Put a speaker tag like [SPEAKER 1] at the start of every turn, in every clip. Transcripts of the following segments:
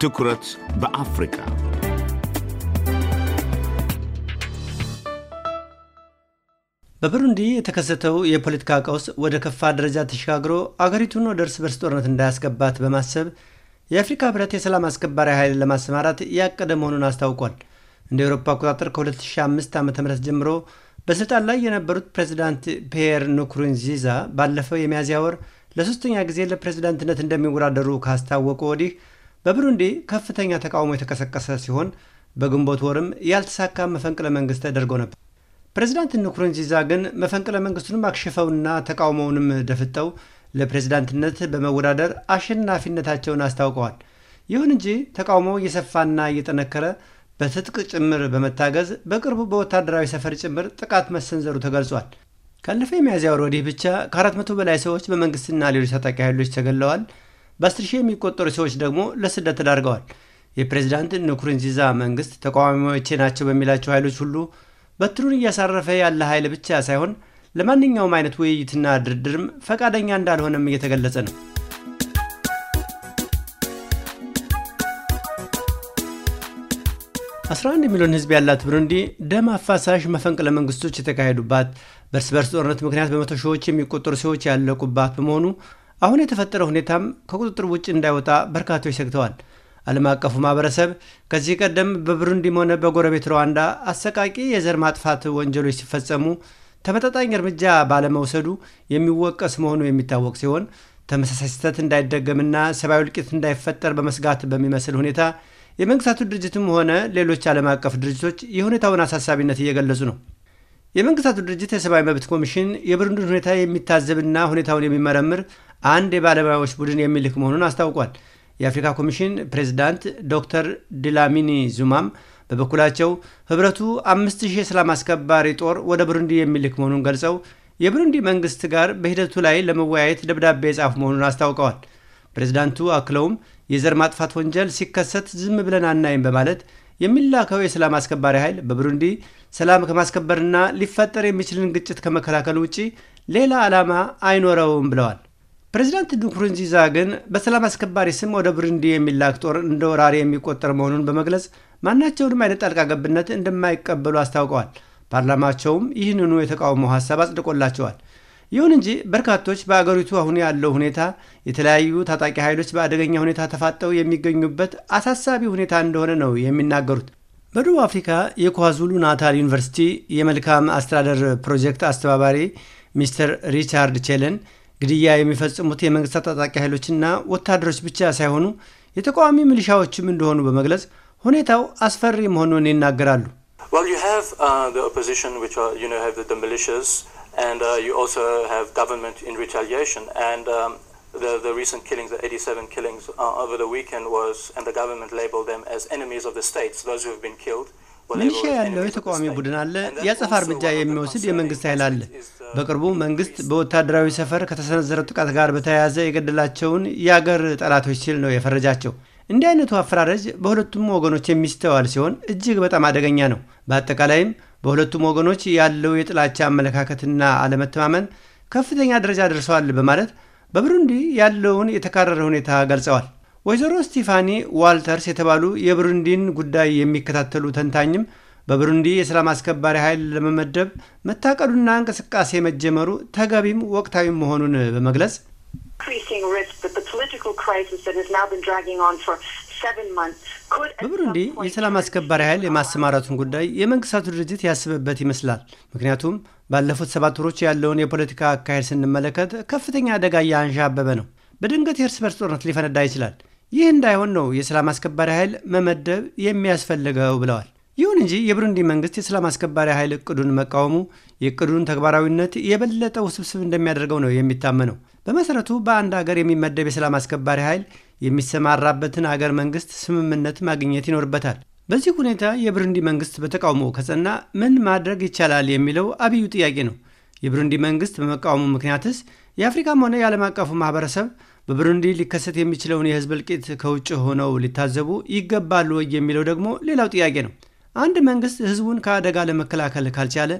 [SPEAKER 1] ትኩረት በአፍሪካ በብሩንዲ የተከሰተው የፖለቲካ ቀውስ ወደ ከፋ ደረጃ ተሸጋግሮ አገሪቱን ወደ እርስ በርስ ጦርነት እንዳያስገባት በማሰብ የአፍሪካ ህብረት የሰላም አስከባሪ ኃይል ለማሰማራት ያቀደ መሆኑን አስታውቋል። እንደ አውሮፓ አቆጣጠር ከ2005 ዓ ም ጀምሮ በስልጣን ላይ የነበሩት ፕሬዚዳንት ፒየር ንኩሩንዚዛ ባለፈው የሚያዝያ ወር ለሶስተኛ ጊዜ ለፕሬዝዳንትነት እንደሚወዳደሩ ካስታወቁ ወዲህ በብሩንዲ ከፍተኛ ተቃውሞ የተቀሰቀሰ ሲሆን በግንቦት ወርም ያልተሳካ መፈንቅለ መንግስት ተደርጎ ነበር። ፕሬዝዳንት ንኩሩንዚዛ ግን መፈንቅለ መንግስቱንም አክሽፈውና ተቃውሞውንም ደፍጠው ለፕሬዝዳንትነት በመወዳደር አሸናፊነታቸውን አስታውቀዋል። ይሁን እንጂ ተቃውሞ እየሰፋና እየጠነከረ በትጥቅ ጭምር በመታገዝ በቅርቡ በወታደራዊ ሰፈር ጭምር ጥቃት መሰንዘሩ ተገልጿል። ካለፈ የሚያዝያ ወር ወዲህ ብቻ ከ400 በላይ ሰዎች በመንግስትና ሌሎች ታጣቂ ኃይሎች ተገለዋል። በአስር ሺህ የሚቆጠሩ ሰዎች ደግሞ ለስደት ተዳርገዋል። የፕሬዚዳንት ንኩሩንዚዛ መንግስት ተቃዋሚዎቼ ናቸው በሚላቸው ኃይሎች ሁሉ በትሩን እያሳረፈ ያለ ኃይል ብቻ ሳይሆን ለማንኛውም አይነት ውይይትና ድርድርም ፈቃደኛ እንዳልሆነም እየተገለጸ ነው። 11 ሚሊዮን ህዝብ ያላት ብሩንዲ ደም አፋሳሽ መፈንቅለ መንግስቶች የተካሄዱባት በእርስ በርስ ጦርነት ምክንያት በመቶ ሺዎች የሚቆጠሩ ሰዎች ያለቁባት በመሆኑ አሁን የተፈጠረው ሁኔታም ከቁጥጥር ውጭ እንዳይወጣ በርካቶች ሰግተዋል። ዓለም አቀፉ ማህበረሰብ ከዚህ ቀደም በብሩንዲም ሆነ በጎረቤት ሩዋንዳ አሰቃቂ የዘር ማጥፋት ወንጀሎች ሲፈጸሙ ተመጣጣኝ እርምጃ ባለመውሰዱ የሚወቀስ መሆኑ የሚታወቅ ሲሆን ተመሳሳይ ስህተት እንዳይደገምና ሰብአዊ እልቂት እንዳይፈጠር በመስጋት በሚመስል ሁኔታ የመንግስታቱ ድርጅትም ሆነ ሌሎች ዓለም አቀፍ ድርጅቶች የሁኔታውን አሳሳቢነት እየገለጹ ነው። የመንግስታቱ ድርጅት የሰብአዊ መብት ኮሚሽን የብሩንዲን ሁኔታ የሚታዘብና ሁኔታውን የሚመረምር አንድ የባለሙያዎች ቡድን የሚልክ መሆኑን አስታውቋል። የአፍሪካ ኮሚሽን ፕሬዚዳንት ዶክተር ድላሚኒ ዙማም በበኩላቸው ህብረቱ አምስት ሺህ የሰላም አስከባሪ ጦር ወደ ብሩንዲ የሚልክ መሆኑን ገልጸው የብሩንዲ መንግስት ጋር በሂደቱ ላይ ለመወያየት ደብዳቤ የጻፉ መሆኑን አስታውቀዋል። ፕሬዝዳንቱ አክለውም የዘር ማጥፋት ወንጀል ሲከሰት ዝም ብለን አናይም በማለት የሚላከው የሰላም አስከባሪ ኃይል በብሩንዲ ሰላም ከማስከበርና ሊፈጠር የሚችልን ግጭት ከመከላከል ውጪ ሌላ ዓላማ አይኖረውም ብለዋል። ፕሬዚዳንት ንኩሩንዚዛ ግን በሰላም አስከባሪ ስም ወደ ብሩንዲ የሚላክ ጦር እንደ ወራሪ የሚቆጠር መሆኑን በመግለጽ ማናቸውንም አይነት ጣልቃ ገብነት እንደማይቀበሉ አስታውቀዋል። ፓርላማቸውም ይህንኑ የተቃውሞ ሀሳብ አጽድቆላቸዋል። ይሁን እንጂ በርካቶች በአገሪቱ አሁን ያለው ሁኔታ የተለያዩ ታጣቂ ኃይሎች በአደገኛ ሁኔታ ተፋጠው የሚገኙበት አሳሳቢ ሁኔታ እንደሆነ ነው የሚናገሩት። በደቡብ አፍሪካ የኳዙሉ ናታል ዩኒቨርሲቲ የመልካም አስተዳደር ፕሮጀክት አስተባባሪ ሚስተር ሪቻርድ ቼለን ግድያ የሚፈጽሙት የመንግስታት ታጣቂ ኃይሎችና ወታደሮች ብቻ ሳይሆኑ የተቃዋሚ ሚሊሻዎችም እንደሆኑ በመግለጽ ሁኔታው አስፈሪ መሆኑን ይናገራሉ። and uh, you also have government in retaliation. And um, the, the recent killings, the 87 killings uh, over the weekend was, and the government labeled them as enemies of the states, those who have been killed. ሚሊሻ ያለው የተቃዋሚ ቡድን አለ። የአጸፋ እርምጃ የሚወስድ የመንግስት ኃይል አለ። በቅርቡ መንግስት በወታደራዊ ሰፈር ከተሰነዘረው ጥቃት ጋር በተያያዘ የገደላቸውን የአገር ጠላቶች ሲል ነው የፈረጃቸው። እንዲህ አይነቱ አፈራረጅ በሁለቱም ወገኖች የሚስተዋል ሲሆን እጅግ በጣም አደገኛ ነው። በአጠቃላይም በሁለቱም ወገኖች ያለው የጥላቻ አመለካከትና አለመተማመን ከፍተኛ ደረጃ ደርሰዋል በማለት በብሩንዲ ያለውን የተካረረ ሁኔታ ገልጸዋል። ወይዘሮ ስቲፋኒ ዋልተርስ የተባሉ የብሩንዲን ጉዳይ የሚከታተሉ ተንታኝም በብሩንዲ የሰላም አስከባሪ ኃይል ለመመደብ መታቀዱና እንቅስቃሴ መጀመሩ ተገቢም ወቅታዊም መሆኑን በመግለጽ በብሩንዲ የሰላም አስከባሪ ኃይል የማሰማራቱን ጉዳይ የመንግስታቱ ድርጅት ያስብበት ይመስላል። ምክንያቱም ባለፉት ሰባት ወሮች ያለውን የፖለቲካ አካሄድ ስንመለከት ከፍተኛ አደጋ እያንዣበበ ነው። በድንገት የእርስ በርስ ጦርነት ሊፈነዳ ይችላል። ይህ እንዳይሆን ነው የሰላም አስከባሪ ኃይል መመደብ የሚያስፈልገው ብለዋል። ይሁን እንጂ የብሩንዲ መንግስት የሰላም አስከባሪ ኃይል እቅዱን መቃወሙ የእቅዱን ተግባራዊነት የበለጠ ውስብስብ እንደሚያደርገው ነው የሚታመነው። በመሰረቱ በአንድ ሀገር የሚመደብ የሰላም አስከባሪ ኃይል የሚሰማራበትን አገር መንግስት ስምምነት ማግኘት ይኖርበታል። በዚህ ሁኔታ የብሩንዲ መንግስት በተቃውሞ ከጸና ምን ማድረግ ይቻላል የሚለው አብዩ ጥያቄ ነው። የብሩንዲ መንግስት በመቃወሙ ምክንያትስ የአፍሪካም ሆነ የዓለም አቀፉ ማህበረሰብ በብሩንዲ ሊከሰት የሚችለውን የህዝብ እልቂት ከውጭ ሆነው ሊታዘቡ ይገባሉ ወይ የሚለው ደግሞ ሌላው ጥያቄ ነው። አንድ መንግስት ህዝቡን ከአደጋ ለመከላከል ካልቻለ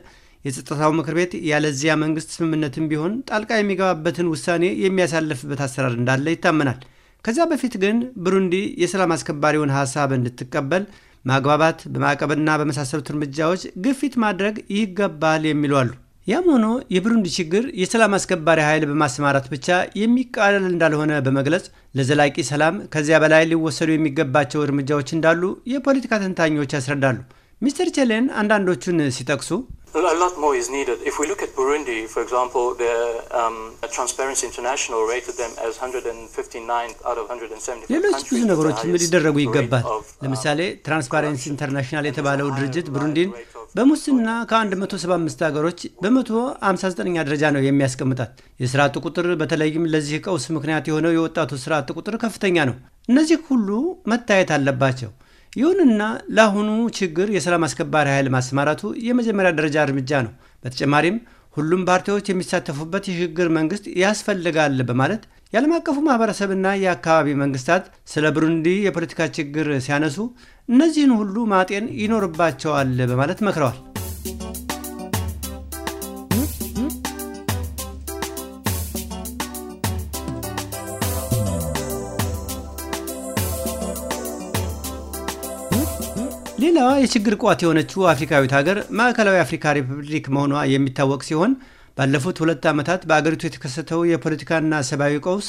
[SPEAKER 1] የጸጥታው ምክር ቤት ያለዚያ መንግስት ስምምነትም ቢሆን ጣልቃ የሚገባበትን ውሳኔ የሚያሳልፍበት አሰራር እንዳለ ይታመናል። ከዚያ በፊት ግን ብሩንዲ የሰላም አስከባሪውን ሐሳብ እንድትቀበል ማግባባት፣ በማዕቀብና በመሳሰሉት እርምጃዎች ግፊት ማድረግ ይገባል የሚሉ አሉ። ያም ሆኖ የብሩንዲ ችግር የሰላም አስከባሪ ኃይል በማሰማራት ብቻ የሚቃለል እንዳልሆነ በመግለጽ ለዘላቂ ሰላም ከዚያ በላይ ሊወሰዱ የሚገባቸው እርምጃዎች እንዳሉ የፖለቲካ ተንታኞች ያስረዳሉ። ሚስተር ቼሌን አንዳንዶቹን ሲጠቅሱ A lot more is needed. If we look at Burundi, for example, the um, Transparency International rated them as 159 out of 175 ሌሎች ብዙ ነገሮችም ሊደረጉ ይገባል። um, ለምሳሌ ትራንስፓረንሲ ኢንተርናሽናል የተባለው ድርጅት ብሩንዲን በሙስና ከ175 ሀገሮች በ159ኛ ደረጃ ነው የሚያስቀምጣት። የስራ አጥ ቁጥር በተለይም ለዚህ ቀውስ ምክንያት የሆነው የወጣቱ ስራ አጥ ቁጥር ከፍተኛ ነው። እነዚህ ሁሉ መታየት አለባቸው። ይሁንና ለአሁኑ ችግር የሰላም አስከባሪ ኃይል ማሰማራቱ የመጀመሪያ ደረጃ እርምጃ ነው። በተጨማሪም ሁሉም ፓርቲዎች የሚሳተፉበት የሽግግር መንግስት ያስፈልጋል በማለት የዓለም አቀፉ ማህበረሰብና የአካባቢ መንግስታት ስለ ብሩንዲ የፖለቲካ ችግር ሲያነሱ እነዚህን ሁሉ ማጤን ይኖርባቸዋል በማለት መክረዋል። ሌላዋ የችግር ቋት የሆነችው አፍሪካዊት ሀገር ማዕከላዊ አፍሪካ ሪፐብሊክ መሆኗ የሚታወቅ ሲሆን ባለፉት ሁለት ዓመታት በአገሪቱ የተከሰተው የፖለቲካና ሰብአዊ ቀውስ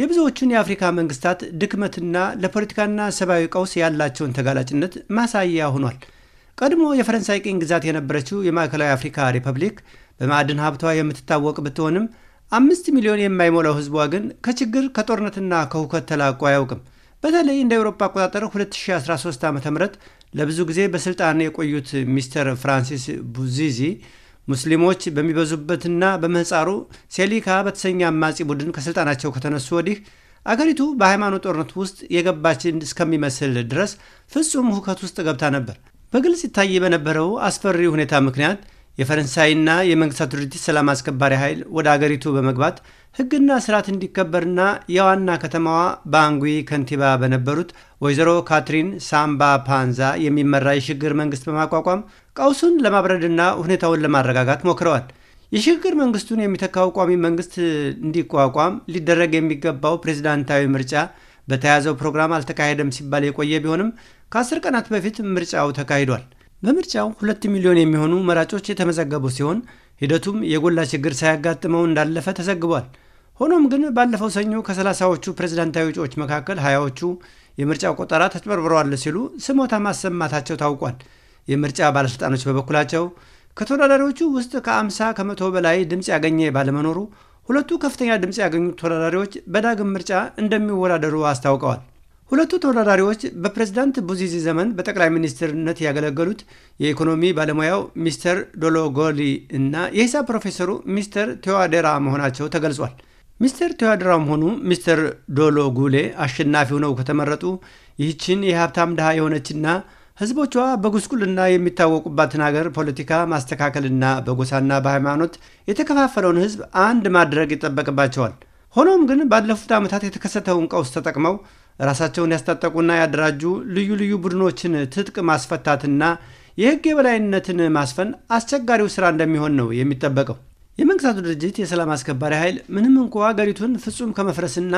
[SPEAKER 1] የብዙዎቹን የአፍሪካ መንግስታት ድክመትና ለፖለቲካና ሰብአዊ ቀውስ ያላቸውን ተጋላጭነት ማሳያ ሆኗል። ቀድሞ የፈረንሳይ ቅኝ ግዛት የነበረችው የማዕከላዊ አፍሪካ ሪፐብሊክ በማዕድን ሀብቷ የምትታወቅ ብትሆንም አምስት ሚሊዮን የማይሞላው ህዝቧ ግን ከችግር ከጦርነትና ከሁከት ተላቆ አያውቅም። በተለይ እንደ አውሮፓ አቆጣጠር 2013 ዓ ም ለብዙ ጊዜ በስልጣን የቆዩት ሚስተር ፍራንሲስ ቡዚዚ ሙስሊሞች በሚበዙበትና በምህፃሩ ሴሊካ በተሰኘ አማጺ ቡድን ከስልጣናቸው ከተነሱ ወዲህ አገሪቱ በሃይማኖት ጦርነት ውስጥ የገባችን እስከሚመስል ድረስ ፍጹም ሁከት ውስጥ ገብታ ነበር። በግልጽ ይታይ በነበረው አስፈሪ ሁኔታ ምክንያት የፈረንሳይና የመንግስታት ድርጅት ሰላም አስከባሪ ኃይል ወደ አገሪቱ በመግባት ህግና ስርዓት እንዲከበርና የዋና ከተማዋ ባንጉይ ከንቲባ በነበሩት ወይዘሮ ካትሪን ሳምባ ፓንዛ የሚመራ የሽግግር መንግስት በማቋቋም ቀውሱን ለማብረድና ሁኔታውን ለማረጋጋት ሞክረዋል። የሽግግር መንግስቱን የሚተካው ቋሚ መንግስት እንዲቋቋም ሊደረግ የሚገባው ፕሬዝዳንታዊ ምርጫ በተያዘው ፕሮግራም አልተካሄደም ሲባል የቆየ ቢሆንም ከአስር ቀናት በፊት ምርጫው ተካሂዷል። በምርጫው ሁለት ሚሊዮን የሚሆኑ መራጮች የተመዘገቡ ሲሆን ሂደቱም የጎላ ችግር ሳያጋጥመው እንዳለፈ ተዘግቧል። ሆኖም ግን ባለፈው ሰኞ ከሰላሳዎቹ ፕሬዝዳንታዊ እጩዎች መካከል ሀያዎቹ የምርጫ ቆጠራ ተጭበርብረዋል ሲሉ ስሞታ ማሰማታቸው ታውቋል። የምርጫ ባለሥልጣኖች በበኩላቸው ከተወዳዳሪዎቹ ውስጥ ከአምሳ ከመቶ በላይ ድምፅ ያገኘ ባለመኖሩ ሁለቱ ከፍተኛ ድምፅ ያገኙ ተወዳዳሪዎች በዳግም ምርጫ እንደሚወዳደሩ አስታውቀዋል። ሁለቱ ተወዳዳሪዎች በፕሬዝዳንት ቡዚዚ ዘመን በጠቅላይ ሚኒስትርነት ያገለገሉት የኢኮኖሚ ባለሙያው ሚስተር ዶሎጎሊ እና የሂሳብ ፕሮፌሰሩ ሚስተር ቴዋዴራ መሆናቸው ተገልጿል። ሚስተር ቴዋዴራም ሆኑ ሚስተር ጉሌ አሸናፊ ሆነው ከተመረጡ ይህችን የሀብታም ድሃ የሆነችና ሕዝቦቿ በጉስቁልና የሚታወቁባትን ሀገር ፖለቲካ ማስተካከልና በጎሳና በሃይማኖት የተከፋፈለውን ህዝብ አንድ ማድረግ ይጠበቅባቸዋል። ሆኖም ግን ባለፉት ዓመታት የተከሰተውን ቀውስ ተጠቅመው ራሳቸውን ያስታጠቁና ያደራጁ ልዩ ልዩ ቡድኖችን ትጥቅ ማስፈታትና የህግ የበላይነትን ማስፈን አስቸጋሪው ስራ እንደሚሆን ነው የሚጠበቀው። የመንግስታቱ ድርጅት የሰላም አስከባሪ ኃይል ምንም እንኳ ሀገሪቱን ፍጹም ከመፍረስና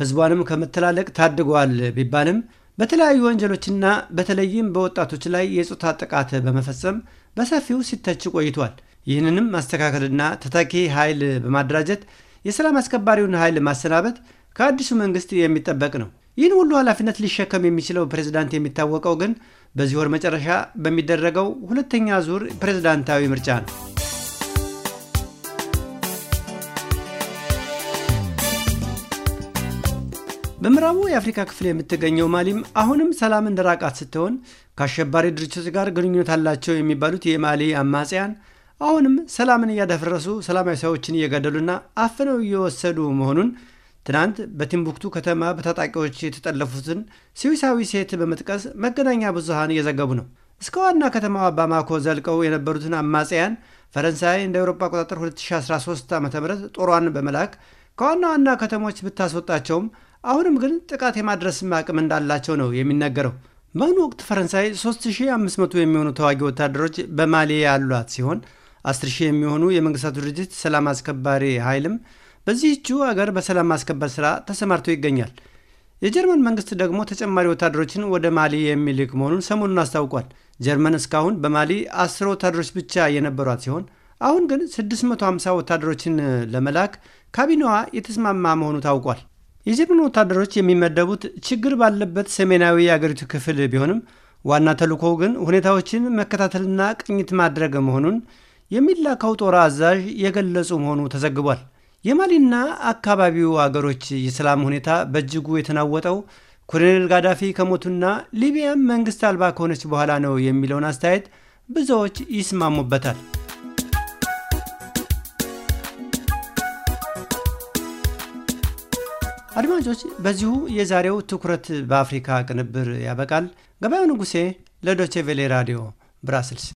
[SPEAKER 1] ህዝቧንም ከመተላለቅ ታድጓል ቢባልም በተለያዩ ወንጀሎችና በተለይም በወጣቶች ላይ የጾታ ጥቃት በመፈጸም በሰፊው ሲተች ቆይቷል። ይህንንም ማስተካከልና ተተኪ ኃይል በማደራጀት የሰላም አስከባሪውን ኃይል ማሰናበት ከአዲሱ መንግስት የሚጠበቅ ነው። ይህን ሁሉ ኃላፊነት ሊሸከም የሚችለው ፕሬዝዳንት የሚታወቀው ግን በዚህ ወር መጨረሻ በሚደረገው ሁለተኛ ዙር ፕሬዝዳንታዊ ምርጫ ነው። በምዕራቡ የአፍሪካ ክፍል የምትገኘው ማሊም አሁንም ሰላም እንደራቃት ስትሆን ከአሸባሪ ድርጅቶች ጋር ግንኙነት አላቸው የሚባሉት የማሊ አማጽያን አሁንም ሰላምን እያደፈረሱ ሰላማዊ ሰዎችን እየገደሉና አፍነው እየወሰዱ መሆኑን ትናንት በቲምቡክቱ ከተማ በታጣቂዎች የተጠለፉትን ስዊሳዊ ሴት በመጥቀስ መገናኛ ብዙሃን እየዘገቡ ነው። እስከ ዋና ከተማዋ ባማኮ ዘልቀው የነበሩትን አማጽያን ፈረንሳይ እንደ አውሮፓ አቆጣጠር 2013 ዓ ም ጦሯን በመላክ ከዋና ዋና ከተሞች ብታስወጣቸውም አሁንም ግን ጥቃት የማድረስ አቅም እንዳላቸው ነው የሚነገረው። በአሁኑ ወቅት ፈረንሳይ 3500 የሚሆኑ ተዋጊ ወታደሮች በማሊ ያሏት ሲሆን 10 ሺህ የሚሆኑ የመንግስታቱ ድርጅት ሰላም አስከባሪ ኃይልም በዚህቹ አገር በሰላም ማስከበር ስራ ተሰማርቶ ይገኛል። የጀርመን መንግስት ደግሞ ተጨማሪ ወታደሮችን ወደ ማሊ የሚልክ መሆኑን ሰሞኑን አስታውቋል። ጀርመን እስካሁን በማሊ አስር ወታደሮች ብቻ የነበሯት ሲሆን አሁን ግን 650 ወታደሮችን ለመላክ ካቢኔዋ የተስማማ መሆኑ ታውቋል። የጀርመን ወታደሮች የሚመደቡት ችግር ባለበት ሰሜናዊ የአገሪቱ ክፍል ቢሆንም ዋና ተልእኮው ግን ሁኔታዎችን መከታተልና ቅኝት ማድረግ መሆኑን የሚላከው ጦር አዛዥ የገለጹ መሆኑ ተዘግቧል። የማሊና አካባቢው አገሮች የሰላም ሁኔታ በእጅጉ የተናወጠው ኮሎኔል ጋዳፊ ከሞቱና ሊቢያም መንግስት አልባ ከሆነች በኋላ ነው የሚለውን አስተያየት ብዙዎች ይስማሙበታል። አድማጮች፣ በዚሁ የዛሬው ትኩረት በአፍሪካ ቅንብር ያበቃል። ገበያው ንጉሴ ለዶቼ ቬሌ ራዲዮ ብራስልስ